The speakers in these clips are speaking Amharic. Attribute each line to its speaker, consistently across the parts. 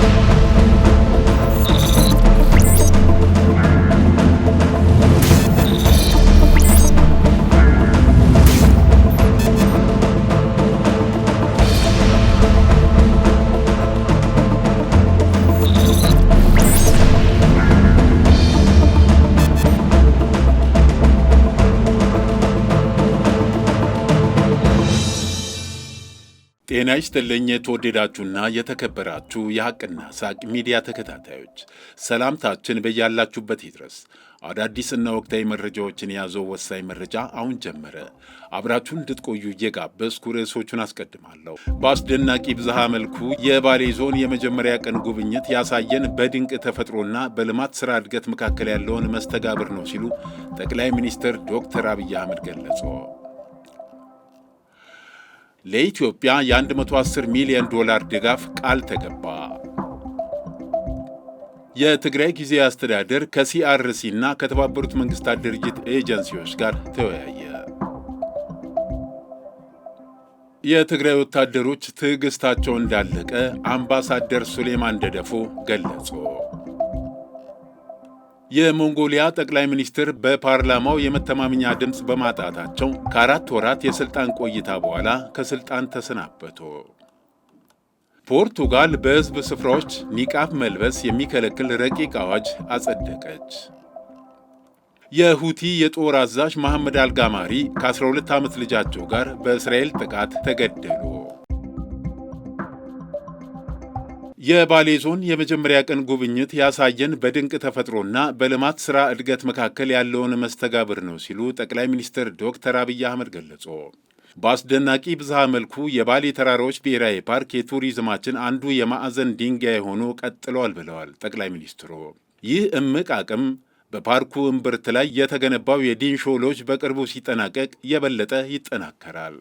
Speaker 1: Thank you. ጤና ይስጥልኝ የተወደዳችሁና የተከበራችሁ የሐቅና ሳቅ ሚዲያ ተከታታዮች፣ ሰላምታችን በያላችሁበት ይድረስ። አዳዲስና ወቅታዊ መረጃዎችን የያዘው ወሳኝ መረጃ አሁን ጀመረ። አብራችሁን እንድትቆዩ እየጋበዝኩ ርዕሶቹን አስቀድማለሁ። በአስደናቂ ብዝሃ መልኩ የባሌ ዞን የመጀመሪያ ቀን ጉብኝት ያሳየን በድንቅ ተፈጥሮና በልማት ሥራ እድገት መካከል ያለውን መስተጋብር ነው ሲሉ ጠቅላይ ሚኒስትር ዶክተር አብይ አህመድ ገለጸው። ለኢትዮጵያ የ110 ሚሊዮን ዶላር ድጋፍ ቃል ተገባ። የትግራይ ጊዜ አስተዳደር ከሲአርሲ እና ከተባበሩት መንግስታት ድርጅት ኤጀንሲዎች ጋር ተወያየ። የትግራይ ወታደሮች ትዕግስታቸው እንዳለቀ አምባሳደር ሱሌማን ደደፎ ገለጹ። የሞንጎሊያ ጠቅላይ ሚኒስትር በፓርላማው የመተማመኛ ድምፅ በማጣታቸው ከአራት ወራት የሥልጣን ቆይታ በኋላ ከሥልጣን ተሰናበቱ። ፖርቱጋል በሕዝብ ስፍራዎች ኒቃፍ መልበስ የሚከለክል ረቂቅ አዋጅ አጸደቀች። የሁቲ የጦር አዛዥ መሐመድ አልጋማሪ ከ12 ዓመት ልጃቸው ጋር በእስራኤል ጥቃት ተገደሉ። የባሌ ዞን የመጀመሪያ ቀን ጉብኝት ያሳየን በድንቅ ተፈጥሮና በልማት ሥራ እድገት መካከል ያለውን መስተጋብር ነው ሲሉ ጠቅላይ ሚኒስትር ዶክተር አብይ አህመድ ገለጹ። በአስደናቂ ብዝሃ መልኩ የባሌ ተራራዎች ብሔራዊ ፓርክ የቱሪዝማችን አንዱ የማዕዘን ድንጋይ ሆኖ ቀጥሏል ብለዋል ጠቅላይ ሚኒስትሩ። ይህ እምቅ አቅም በፓርኩ እምብርት ላይ የተገነባው የዲንሾ ሎጅ በቅርቡ ሲጠናቀቅ የበለጠ ይጠናከራል።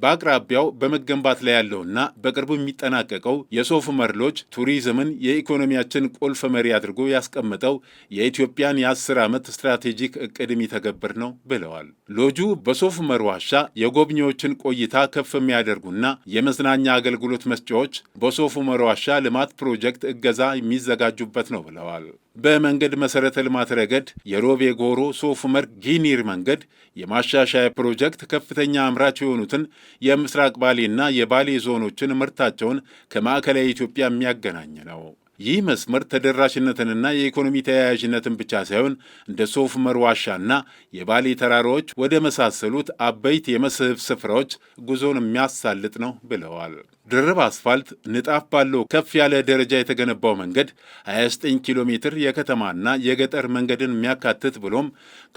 Speaker 1: በአቅራቢያው በመገንባት ላይ ያለውና በቅርቡ የሚጠናቀቀው የሶፍ መርሎች ሎጅ ቱሪዝምን የኢኮኖሚያችን ቁልፍ መሪ አድርጎ ያስቀመጠው የኢትዮጵያን የአስር ዓመት ስትራቴጂክ እቅድ የሚተገብር ነው ብለዋል። ሎጁ በሶፍ መር ዋሻ የጎብኚዎችን ቆይታ ከፍ የሚያደርጉና የመዝናኛ አገልግሎት መስጫዎች በሶፍ መር ዋሻ ልማት ፕሮጀክት እገዛ የሚዘጋጁበት ነው ብለዋል። በመንገድ መሠረተ ልማት ረገድ የሮቤ ጎሮ ሶፉመር ጊኒር መንገድ የማሻሻያ ፕሮጀክት ከፍተኛ አምራች የሆኑትን የምስራቅ ባሌና የባሌ ዞኖችን ምርታቸውን ከማዕከላዊ ኢትዮጵያ የሚያገናኝ ነው። ይህ መስመር ተደራሽነትንና የኢኮኖሚ ተያያዥነትን ብቻ ሳይሆን እንደ ሶፍ መር ዋሻና የባሌ ተራራዎች ወደ መሳሰሉት አበይት የመስህብ ስፍራዎች ጉዞን የሚያሳልጥ ነው ብለዋል። ድርብ አስፋልት ንጣፍ ባለው ከፍ ያለ ደረጃ የተገነባው መንገድ 29 ኪሎ ሜትር የከተማና የገጠር መንገድን የሚያካትት ብሎም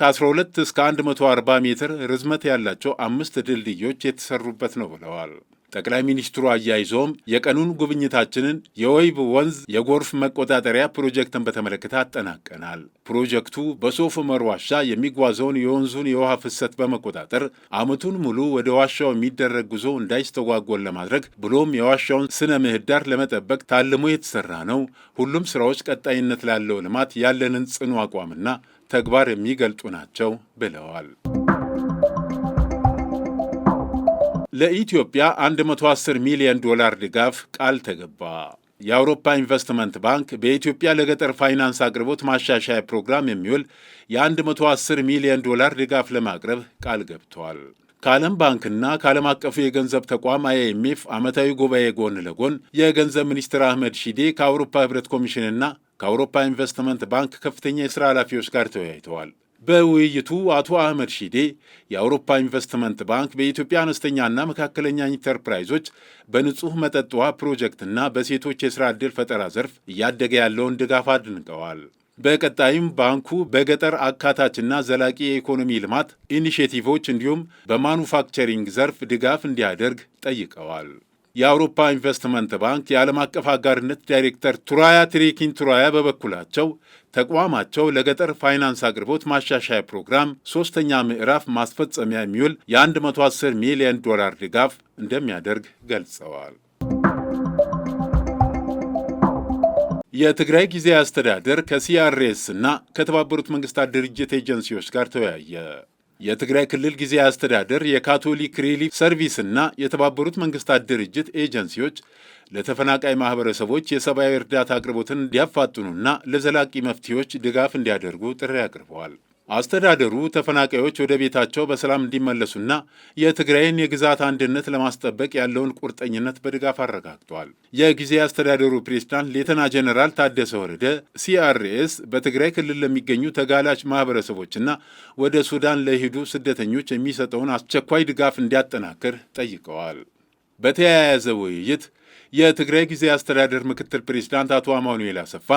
Speaker 1: ከ12 እስከ 140 ሜትር ርዝመት ያላቸው አምስት ድልድዮች የተሰሩበት ነው ብለዋል። ጠቅላይ ሚኒስትሩ አያይዞም የቀኑን ጉብኝታችንን የወይብ ወንዝ የጎርፍ መቆጣጠሪያ ፕሮጀክትን በተመለከተ አጠናቀናል። ፕሮጀክቱ በሶፍ ዑመር ዋሻ የሚጓዘውን የወንዙን የውሃ ፍሰት በመቆጣጠር ዓመቱን ሙሉ ወደ ዋሻው የሚደረግ ጉዞ እንዳይስተጓጎል ለማድረግ ብሎም የዋሻውን ስነ ምህዳር ለመጠበቅ ታልሞ የተሰራ ነው። ሁሉም ስራዎች ቀጣይነት ላለው ልማት ያለንን ጽኑ አቋምና ተግባር የሚገልጡ ናቸው ብለዋል። ለኢትዮጵያ 110 ሚሊዮን ዶላር ድጋፍ ቃል ተገባ። የአውሮፓ ኢንቨስትመንት ባንክ በኢትዮጵያ ለገጠር ፋይናንስ አቅርቦት ማሻሻያ ፕሮግራም የሚውል የ110 ሚሊዮን ዶላር ድጋፍ ለማቅረብ ቃል ገብቷል። ከዓለም ባንክና ከዓለም አቀፉ የገንዘብ ተቋም አይኤምኤፍ ዓመታዊ ጉባኤ ጎን ለጎን የገንዘብ ሚኒስትር አህመድ ሺዴ ከአውሮፓ ህብረት ኮሚሽንና ከአውሮፓ ኢንቨስትመንት ባንክ ከፍተኛ የሥራ ኃላፊዎች ጋር ተወያይተዋል። በውይይቱ አቶ አህመድ ሺዴ የአውሮፓ ኢንቨስትመንት ባንክ በኢትዮጵያ አነስተኛና መካከለኛ ኢንተርፕራይዞች በንጹህ መጠጥ ውሃ ፕሮጀክትና በሴቶች የሥራ ዕድል ፈጠራ ዘርፍ እያደገ ያለውን ድጋፍ አድንቀዋል። በቀጣይም ባንኩ በገጠር አካታችና ዘላቂ የኢኮኖሚ ልማት ኢኒሼቲቮች እንዲሁም በማኑፋክቸሪንግ ዘርፍ ድጋፍ እንዲያደርግ ጠይቀዋል። የአውሮፓ ኢንቨስትመንት ባንክ የዓለም አቀፍ አጋርነት ዳይሬክተር ቱራያ ትሪኪን ቱራያ በበኩላቸው ተቋማቸው ለገጠር ፋይናንስ አቅርቦት ማሻሻያ ፕሮግራም ሶስተኛ ምዕራፍ ማስፈጸሚያ የሚውል የ110 ሚሊዮን ዶላር ድጋፍ እንደሚያደርግ ገልጸዋል። የትግራይ ጊዜያዊ አስተዳደር ከሲአርኤስ እና ከተባበሩት መንግስታት ድርጅት ኤጀንሲዎች ጋር ተወያየ። የትግራይ ክልል ጊዜ አስተዳደር የካቶሊክ ሪሊፍ ሰርቪስና የተባበሩት መንግስታት ድርጅት ኤጀንሲዎች ለተፈናቃይ ማህበረሰቦች የሰብአዊ እርዳታ አቅርቦትን እንዲያፋጥኑና ለዘላቂ መፍትሄዎች ድጋፍ እንዲያደርጉ ጥሪ አቅርበዋል። አስተዳደሩ ተፈናቃዮች ወደ ቤታቸው በሰላም እንዲመለሱና የትግራይን የግዛት አንድነት ለማስጠበቅ ያለውን ቁርጠኝነት በድጋፍ አረጋግጧል። የጊዜ አስተዳደሩ ፕሬዝዳንት ሌተና ጀኔራል ታደሰ ወረደ ሲአርኤስ በትግራይ ክልል ለሚገኙ ተጋላጭ ማህበረሰቦችና ወደ ሱዳን ለሄዱ ስደተኞች የሚሰጠውን አስቸኳይ ድጋፍ እንዲያጠናክር ጠይቀዋል። በተያያዘ ውይይት የትግራይ ጊዜ አስተዳደር ምክትል ፕሬዚዳንት አቶ አማኑኤል አሰፋ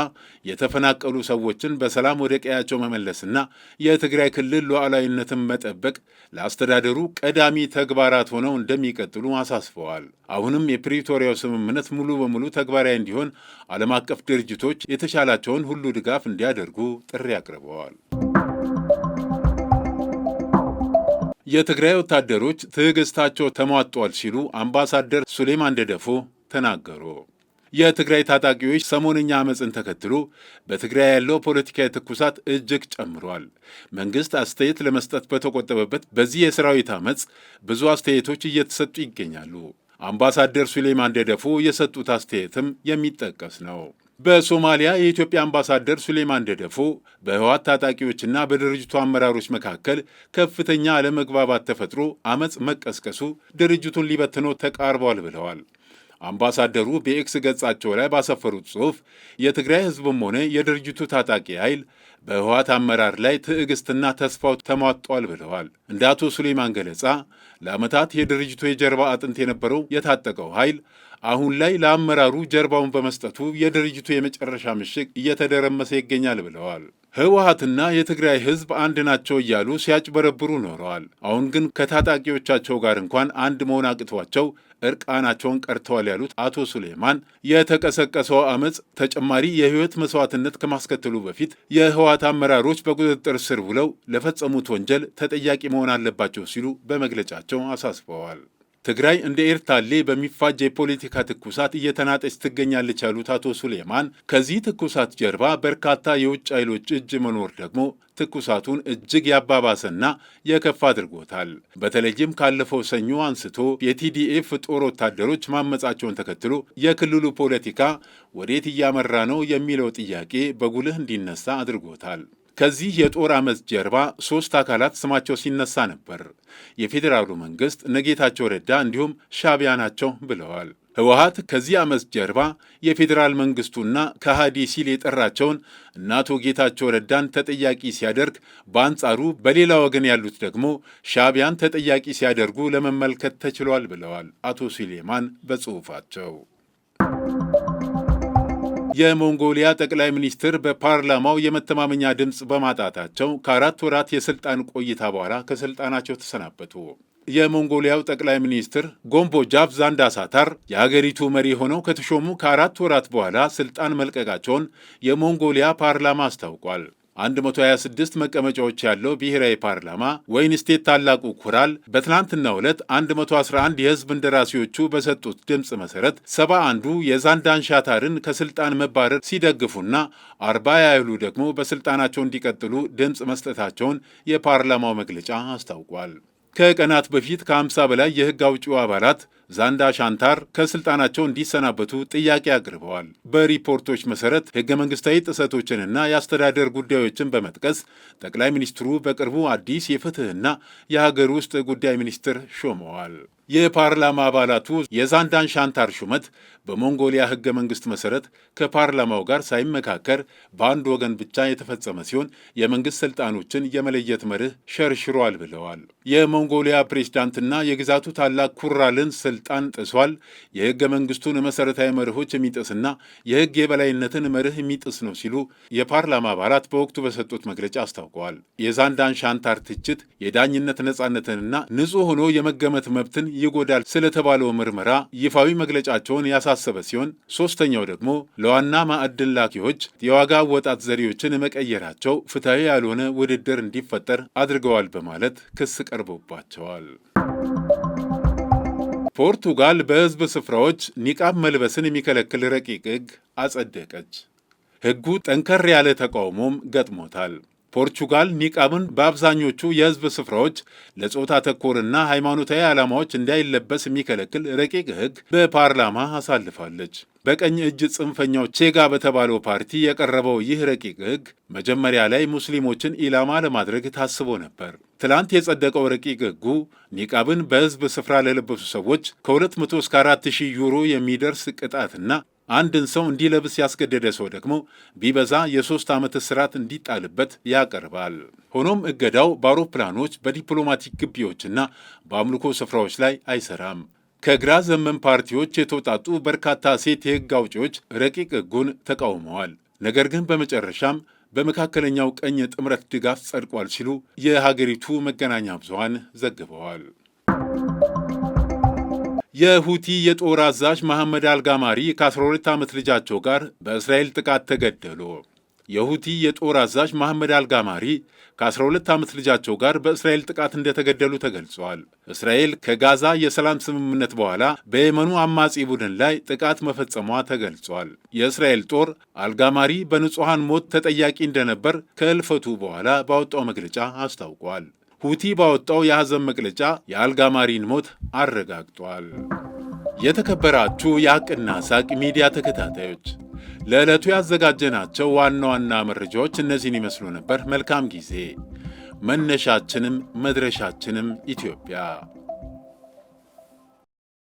Speaker 1: የተፈናቀሉ ሰዎችን በሰላም ወደ ቀያቸው መመለስና የትግራይ ክልል ሉዓላዊነትን መጠበቅ ለአስተዳደሩ ቀዳሚ ተግባራት ሆነው እንደሚቀጥሉ አሳስበዋል። አሁንም የፕሪቶሪያው ስምምነት ሙሉ በሙሉ ተግባራዊ እንዲሆን ዓለም አቀፍ ድርጅቶች የተሻላቸውን ሁሉ ድጋፍ እንዲያደርጉ ጥሪ አቅርበዋል። የትግራይ ወታደሮች ትዕግስታቸው ተሟጧል ሲሉ አምባሳደር ሱሌማን ደደፎ ተናገሩ። የትግራይ ታጣቂዎች ሰሞንኛ አመፅን ተከትሎ በትግራይ ያለው ፖለቲካዊ ትኩሳት እጅግ ጨምሯል። መንግስት አስተያየት ለመስጠት በተቆጠበበት በዚህ የሰራዊት አመፅ ብዙ አስተያየቶች እየተሰጡ ይገኛሉ። አምባሳደር ሱሌማን ደደፎ የሰጡት አስተያየትም የሚጠቀስ ነው። በሶማሊያ የኢትዮጵያ አምባሳደር ሱሌማን ደደፎ በህወሓት ታጣቂዎችና በድርጅቱ አመራሮች መካከል ከፍተኛ አለመግባባት ተፈጥሮ አመፅ መቀስቀሱ ድርጅቱን ሊበትነው ተቃርቧል ብለዋል። አምባሳደሩ በኤክስ ገጻቸው ላይ ባሰፈሩት ጽሑፍ የትግራይ ህዝብም ሆነ የድርጅቱ ታጣቂ ኃይል በህወሓት አመራር ላይ ትዕግስትና ተስፋው ተሟጧል ብለዋል። እንደ አቶ ሱሌማን ገለጻ ለዓመታት የድርጅቱ የጀርባ አጥንት የነበረው የታጠቀው ኃይል አሁን ላይ ለአመራሩ ጀርባውን በመስጠቱ የድርጅቱ የመጨረሻ ምሽግ እየተደረመሰ ይገኛል ብለዋል። ህወሀትና የትግራይ ህዝብ አንድ ናቸው እያሉ ሲያጭበረብሩ ኖረዋል። አሁን ግን ከታጣቂዎቻቸው ጋር እንኳን አንድ መሆን አቅቷቸው እርቃናቸውን ቀርተዋል ያሉት አቶ ሱሌማን የተቀሰቀሰው አመፅ ተጨማሪ የህይወት መስዋዕትነት ከማስከተሉ በፊት የህወሀት አመራሮች በቁጥጥር ስር ውለው ለፈጸሙት ወንጀል ተጠያቂ መሆን አለባቸው ሲሉ በመግለጫቸው አሳስበዋል። ትግራይ እንደ ኤርታሌ በሚፋጅ የፖለቲካ ትኩሳት እየተናጠች ትገኛለች ያሉት አቶ ሱሌማን ከዚህ ትኩሳት ጀርባ በርካታ የውጭ ኃይሎች እጅ መኖር ደግሞ ትኩሳቱን እጅግ ያባባሰና የከፋ አድርጎታል። በተለይም ካለፈው ሰኞ አንስቶ የቲዲኤፍ ጦር ወታደሮች ማመጻቸውን ተከትሎ የክልሉ ፖለቲካ ወዴት እያመራ ነው የሚለው ጥያቄ በጉልህ እንዲነሳ አድርጎታል። ከዚህ የጦር አመት ጀርባ ሦስት አካላት ስማቸው ሲነሳ ነበር። የፌዴራሉ መንግሥት ነጌታቸው ረዳ እንዲሁም ሻቢያ ናቸው ብለዋል። ህወሀት ከዚህ አመት ጀርባ የፌዴራል መንግስቱና ከሃዲ ሲል የጠራቸውን እነ አቶ ጌታቸው ረዳን ተጠያቂ ሲያደርግ፣ በአንጻሩ በሌላ ወገን ያሉት ደግሞ ሻቢያን ተጠያቂ ሲያደርጉ ለመመልከት ተችሏል ብለዋል አቶ ሱሌማን በጽሑፋቸው። የሞንጎሊያ ጠቅላይ ሚኒስትር በፓርላማው የመተማመኛ ድምፅ በማጣታቸው ከአራት ወራት የስልጣን ቆይታ በኋላ ከስልጣናቸው ተሰናበቱ። የሞንጎሊያው ጠቅላይ ሚኒስትር ዛንዳ ዛንዳሳታር የአገሪቱ መሪ ሆነው ከተሾሙ ከአራት ወራት በኋላ ስልጣን መልቀቃቸውን የሞንጎሊያ ፓርላማ አስታውቋል። 126 መቀመጫዎች ያለው ብሔራዊ ፓርላማ ወይን ስቴት ታላቁ ኩራል በትናንትናው ዕለት 111 የህዝብ እንደራሴዎቹ በሰጡት ድምፅ መሠረት 71 አንዱ የዛንዳን ሻታርን ከስልጣን መባረር ሲደግፉና 40 ያህሉ ደግሞ በስልጣናቸው እንዲቀጥሉ ድምፅ መስጠታቸውን የፓርላማው መግለጫ አስታውቋል። ከቀናት በፊት ከ50 በላይ የህግ አውጪው አባላት ዛንዳ ሻንታር ከስልጣናቸው እንዲሰናበቱ ጥያቄ አቅርበዋል። በሪፖርቶች መሰረት ህገ መንግስታዊ ጥሰቶችንና የአስተዳደር ጉዳዮችን በመጥቀስ ጠቅላይ ሚኒስትሩ በቅርቡ አዲስ የፍትህና የሀገር ውስጥ ጉዳይ ሚኒስትር ሾመዋል። የፓርላማ አባላቱ የዛንዳን ሻንታር ሹመት በሞንጎሊያ ሕገ መንግስት መሠረት ከፓርላማው ጋር ሳይመካከር በአንድ ወገን ብቻ የተፈጸመ ሲሆን የመንግስት ስልጣኖችን የመለየት መርህ ሸርሽሯል ብለዋል። የሞንጎሊያ ፕሬዝዳንትና የግዛቱ ታላቅ ኩራልን ስልጣን ጥሷል፣ የሕገ መንግስቱን መሠረታዊ መርሆች የሚጥስና የህግ የበላይነትን መርህ የሚጥስ ነው ሲሉ የፓርላማ አባላት በወቅቱ በሰጡት መግለጫ አስታውቀዋል። የዛንዳን ሻንታር ትችት የዳኝነት ነፃነትንና ንጹህ ሆኖ የመገመት መብትን ይጎዳል ስለተባለው ምርመራ ይፋዊ መግለጫቸውን ያሳሰበ ሲሆን ሶስተኛው ደግሞ ለዋና ማዕድን ላኪዎች የዋጋ አወጣት ዘዴዎችን መቀየራቸው ፍትሐዊ ያልሆነ ውድድር እንዲፈጠር አድርገዋል በማለት ክስ ቀርቦባቸዋል። ፖርቱጋል በሕዝብ ስፍራዎች ኒቃብ መልበስን የሚከለክል ረቂቅ ሕግ አጸደቀች። ሕጉ ጠንከር ያለ ተቃውሞም ገጥሞታል። ፖርቹጋል ኒቃብን በአብዛኞቹ የሕዝብ ስፍራዎች ለጾታ ተኮርና ሃይማኖታዊ ዓላማዎች እንዳይለበስ የሚከለክል ረቂቅ ሕግ በፓርላማ አሳልፋለች። በቀኝ እጅ ጽንፈኛው ቼጋ በተባለው ፓርቲ የቀረበው ይህ ረቂቅ ሕግ መጀመሪያ ላይ ሙስሊሞችን ኢላማ ለማድረግ ታስቦ ነበር። ትላንት የጸደቀው ረቂቅ ህጉ ኒቃብን በሕዝብ ስፍራ ለለበሱ ሰዎች ከ200 እስከ 400 ዩሮ የሚደርስ ቅጣትና አንድን ሰው እንዲለብስ ያስገደደ ሰው ደግሞ ቢበዛ የሶስት ዓመት እስራት እንዲጣልበት ያቀርባል። ሆኖም እገዳው በአውሮፕላኖች በዲፕሎማቲክ ግቢዎችና በአምልኮ ስፍራዎች ላይ አይሰራም። ከግራ ዘመን ፓርቲዎች የተውጣጡ በርካታ ሴት የሕግ አውጪዎች ረቂቅ ሕጉን ተቃውመዋል። ነገር ግን በመጨረሻም በመካከለኛው ቀኝ ጥምረት ድጋፍ ጸድቋል ሲሉ የሀገሪቱ መገናኛ ብዙሃን ዘግበዋል። የሁቲ የጦር አዛዥ መሐመድ አልጋማሪ ከ12 ዓመት ልጃቸው ጋር በእስራኤል ጥቃት ተገደሉ። የሁቲ የጦር አዛዥ መሐመድ አልጋማሪ ከ12 ዓመት ልጃቸው ጋር በእስራኤል ጥቃት እንደተገደሉ ተገልጿል። እስራኤል ከጋዛ የሰላም ስምምነት በኋላ በየመኑ አማጺ ቡድን ላይ ጥቃት መፈጸሟ ተገልጿል። የእስራኤል ጦር አልጋማሪ በንጹሐን ሞት ተጠያቂ እንደነበር ከእልፈቱ በኋላ ባወጣው መግለጫ አስታውቋል። ሁቲ ባወጣው የሐዘን መግለጫ የአልጋማሪን ሞት አረጋግጧል። የተከበራችሁ የሐቅና ሳቅ ሚዲያ ተከታታዮች ለዕለቱ ያዘጋጀናቸው ዋና ዋና መረጃዎች እነዚህን ይመስሉ ነበር። መልካም ጊዜ። መነሻችንም መድረሻችንም ኢትዮጵያ።